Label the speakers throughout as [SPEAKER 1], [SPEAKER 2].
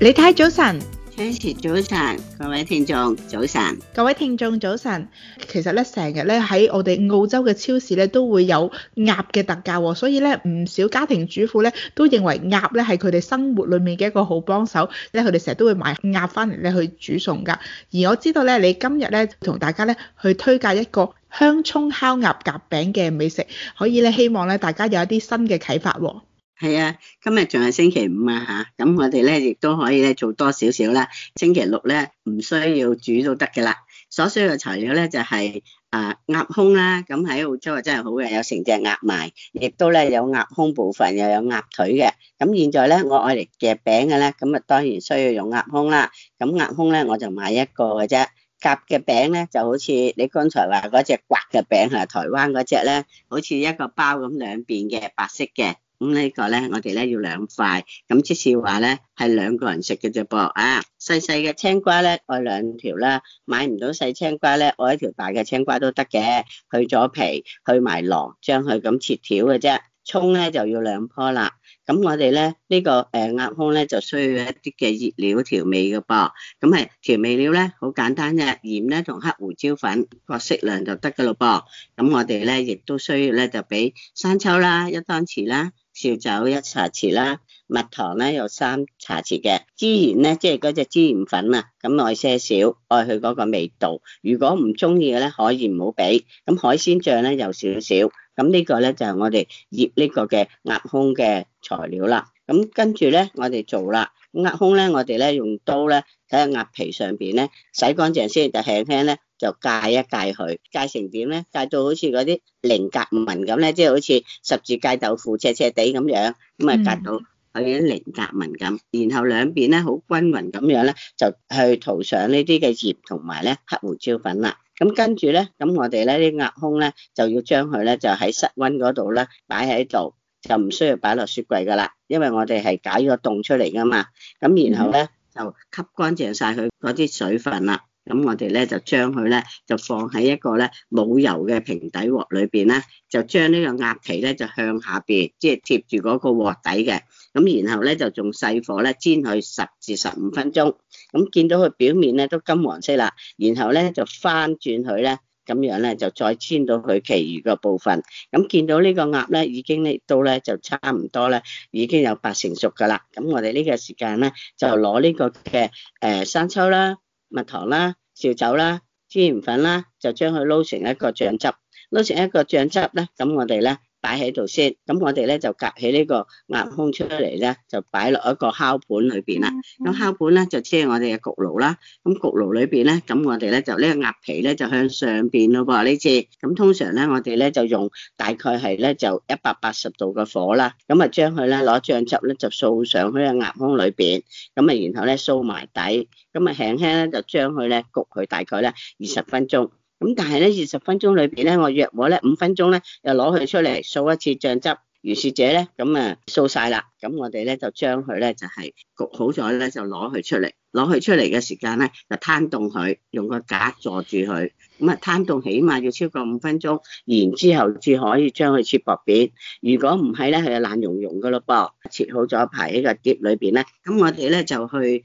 [SPEAKER 1] 李太早晨
[SPEAKER 2] ，Chris 早晨，各位聽眾早晨，
[SPEAKER 1] 各位聽眾早晨。其實咧，成日咧喺我哋澳洲嘅超市咧，都會有鴨嘅特價，所以咧唔少家庭主婦咧都認為鴨咧係佢哋生活裏面嘅一個好幫手，咧佢哋成日都會買鴨翻嚟咧去煮餸噶。而我知道咧，你今日咧同大家咧去推介一個香蔥烤鴨夾餅嘅美食，可以咧希望咧大家有一啲新嘅啟發。
[SPEAKER 2] 係啊，今日仲係星期五啊嚇，咁、啊、我哋咧亦都可以咧做多少少啦。星期六咧唔需要煮都得嘅啦。所需要的材料咧就係、是、啊鴨胸啦，咁喺澳洲啊真係好嘅，有成隻鴨埋，亦都咧有鴨胸部分又有鴨腿嘅。咁現在咧我愛嚟夾餅嘅咧，咁啊當然需要用鴨胸啦。咁鴨胸咧我就買一個嘅啫，夾嘅餅咧就好似你剛才話嗰隻刮嘅餅係台灣嗰隻咧，好似一個包咁兩邊嘅白色嘅。咁呢個咧，我哋咧要兩塊。咁即係話咧係兩個人食嘅啫噃啊，細細嘅青瓜咧，我兩條啦。買唔到細青瓜咧，我一條大嘅青瓜都得嘅。去咗皮，去埋瓤，將佢咁切條嘅啫。蔥咧就要兩棵啦。咁我哋咧呢個誒鴨胸咧就需要一啲嘅熱料調味嘅噃。咁係調味料咧好簡單啫，鹽咧同黑胡椒粉各適量就得嘅咯噃。咁我哋咧亦都需要咧就俾生抽啦，一湯匙啦。紹酒一茶匙啦，蜜糖咧有三茶匙嘅，孜然咧即係嗰隻孜然粉啊，咁耐些少，愛佢嗰個味道。如果唔中意嘅咧，可以唔好俾。咁海鮮醬咧又少少，咁呢個咧就係我哋醃呢個嘅鴨胸嘅材料啦。咁跟住咧，我哋做啦。鴨胸咧，我哋咧用刀咧，喺個鴨皮上邊咧洗乾淨先，就輕輕咧就戒一戒佢，戒成點咧？戒到好似嗰啲菱格紋咁咧，即係好似十字戒豆腐斜斜地咁樣，咁啊戒到我哋啲菱格紋咁。然後兩邊咧好均勻咁樣咧，就去塗上葉呢啲嘅鹽同埋咧黑胡椒粉啦。咁跟住咧，咁我哋咧啲鴨胸咧就要將佢咧就喺室温嗰度咧擺喺度。就唔需要擺落雪櫃噶啦，因為我哋係解咗凍出嚟噶嘛，咁然後咧、嗯、就吸乾淨晒佢嗰啲水分啦，咁我哋咧就將佢咧就放喺一個咧冇油嘅平底鑊裏邊咧，就將呢個鴨皮咧就向下邊，即係貼住嗰個鑊底嘅，咁然後咧就仲細火咧煎佢十至十五分鐘，咁見到佢表面咧都金黃色啦，然後咧就翻轉佢咧。咁樣咧就再煎到佢其餘嘅部分。咁見到個鴨呢個鴨咧，已經咧到咧就差唔多咧，已經有八成熟噶啦。咁我哋呢個時間咧，就攞呢個嘅誒生抽啦、蜜糖啦、紹酒啦、孜然粉啦，就將佢撈成一個醬汁。撈成一個醬汁咧，咁我哋咧。擺喺度先，咁我哋咧就夾起呢個鴨胸出嚟咧，就擺落一個烤盤裏邊啦。咁烤盤咧就即係我哋嘅焗爐啦。咁焗爐裏邊咧，咁我哋咧就呢個鴨皮咧就向上邊咯喎呢次。咁通常咧我哋咧就用大概係咧就一百八十度嘅火啦。咁啊將佢咧攞醬汁咧就掃上去個鴨胸裏邊，咁啊然後咧掃埋底，咁啊輕輕咧就將佢咧焗佢大概咧二十分鐘。咁但係咧二十分鐘裏面咧，我約和咧五分鐘咧，又攞佢出嚟掃一次醬汁，如是者咧咁啊掃晒啦，咁我哋咧就將佢咧就係、是、焗好咗咧，就攞佢出嚟。攞佢出嚟嘅時間咧，就攤凍佢，用個架坐住佢，咁啊攤凍起碼要超過五分鐘，然之後至可以將佢切薄片。如果唔係咧，佢就爛融融噶咯噃。切好咗排喺個碟裏邊咧，咁我哋咧就去誒誒、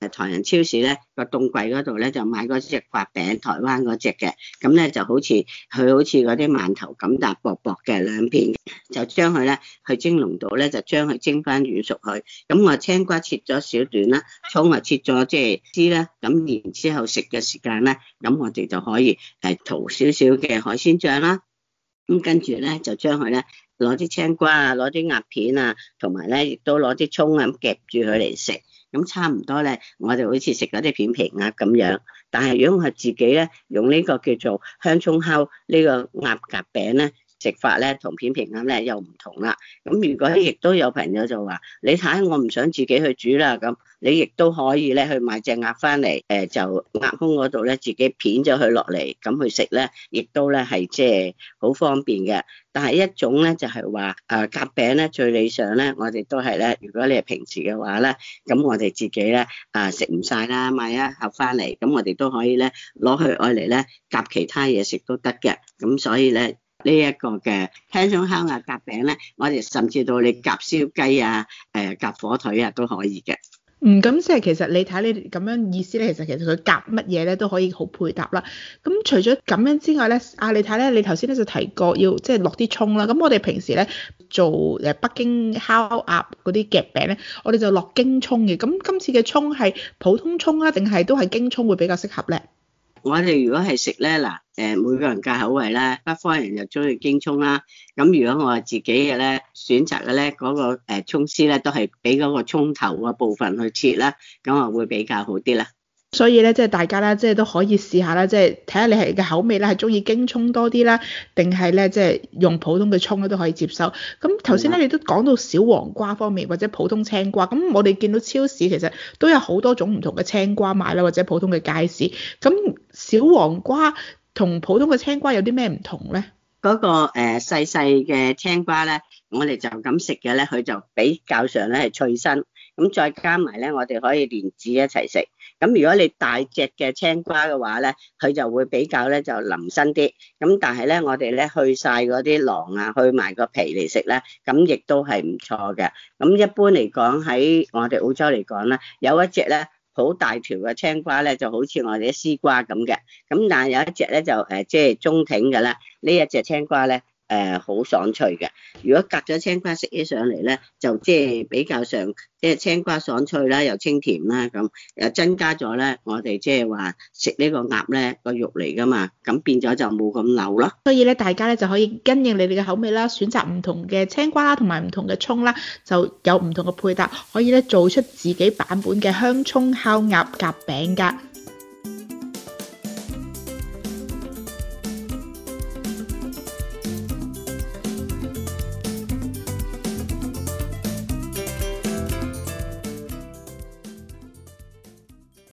[SPEAKER 2] 呃，唐人超市咧個凍櫃嗰度咧就買嗰隻刮餅，台灣嗰隻嘅，咁咧就好似佢好似嗰啲饅頭咁，但薄薄嘅兩片，就將佢咧去蒸籠度咧就將佢蒸翻軟熟去。咁我青瓜切咗少段啦，葱切咗即係絲啦。咁然之後食嘅時間咧，咁我哋就可以係塗少少嘅海鮮醬啦。咁跟住咧就將佢咧攞啲青瓜啊，攞啲鴨片啊，同埋咧亦都攞啲蔥啊，咁夾住佢嚟食。咁差唔多咧，我哋好似食嗰啲片皮鴨咁樣。但係如果我係自己咧，用呢個叫做香蔥烤，這個，鴨餅，呢個鴨夾餅咧。食法咧同片皮鴨咧又唔同啦。咁如果亦都有朋友就話，你睇我唔想自己去煮啦。咁你亦都可以咧去買隻鴨翻嚟，誒就鴨胸嗰度咧自己片咗佢落嚟咁去食咧，亦都咧係即係好方便嘅。但係一種咧就係話，誒夾餅咧最理想咧，我哋都係咧，如果你係平時嘅話咧，咁我哋自己咧啊食唔晒啦，買一盒翻嚟，咁我哋都可以咧攞去愛嚟咧夾其他嘢食都得嘅。咁所以咧。呢一個嘅香葱烤鴨夾餅咧，我哋甚至到你夾燒雞啊、誒夾火腿啊都可以嘅。
[SPEAKER 1] 嗯，咁即係其實你睇你咁樣意思咧，其實其實佢夾乜嘢咧都可以好配搭啦。咁除咗咁樣之外咧，啊你睇咧，你頭先咧就提過要即係落啲葱啦。咁我哋平時咧做誒北京烤鴨嗰啲夾餅咧，我哋就落京葱嘅。咁今次嘅葱係普通葱啊，定係都係京葱會比較適合咧？我哋如果係食咧，嗱，誒每個人嘅
[SPEAKER 2] 口味啦，北方人就中意京葱啦，咁如果我自己嘅咧，選擇嘅咧，嗰個誒葱絲咧，都係俾嗰個葱頭嘅部分去切啦，咁啊會比較好啲啦。
[SPEAKER 1] 所以咧，即係大家咧，即係都可以試下啦，即係睇下你係嘅口味咧，係中意京葱多啲啦，定係咧，即係用普通嘅葱咧都可以接受。咁頭先咧，你都講到小黃瓜方面或者普通青瓜，咁我哋見到超市其實都有好多種唔同嘅青瓜賣啦，或者普通嘅街市。咁小黃瓜同普通嘅青瓜有啲咩唔同咧？
[SPEAKER 2] 嗰個誒細細嘅青瓜咧，我哋就咁食嘅咧，佢就比較上咧係脆身。咁再加埋咧，我哋可以連籽一齊食。咁如果你大隻嘅青瓜嘅話咧，佢就會比較咧就腍身啲。咁但係咧，我哋咧去晒嗰啲囊啊，去埋個皮嚟食咧，咁亦都係唔錯嘅。咁一般嚟講喺我哋澳洲嚟講咧，有一隻咧好大條嘅青瓜咧，就好似我哋啲絲瓜咁嘅。咁但係有一隻咧就誒即係中挺嘅啦。呢一隻青瓜咧。誒，好、呃、爽脆嘅。如果夾咗青瓜食起上嚟咧，就即係比較上，即、就、係、是、青瓜爽脆啦，又清甜啦，咁又增加咗咧，我哋即係話食呢個鴨咧個肉嚟噶嘛，咁變咗就冇咁流咯。
[SPEAKER 1] 所以咧，大家咧就可以跟應你哋嘅口味啦，選擇唔同嘅青瓜啦，同埋唔同嘅蔥啦，就有唔同嘅配搭，可以咧做出自己版本嘅香葱烤鴨夾餅噶。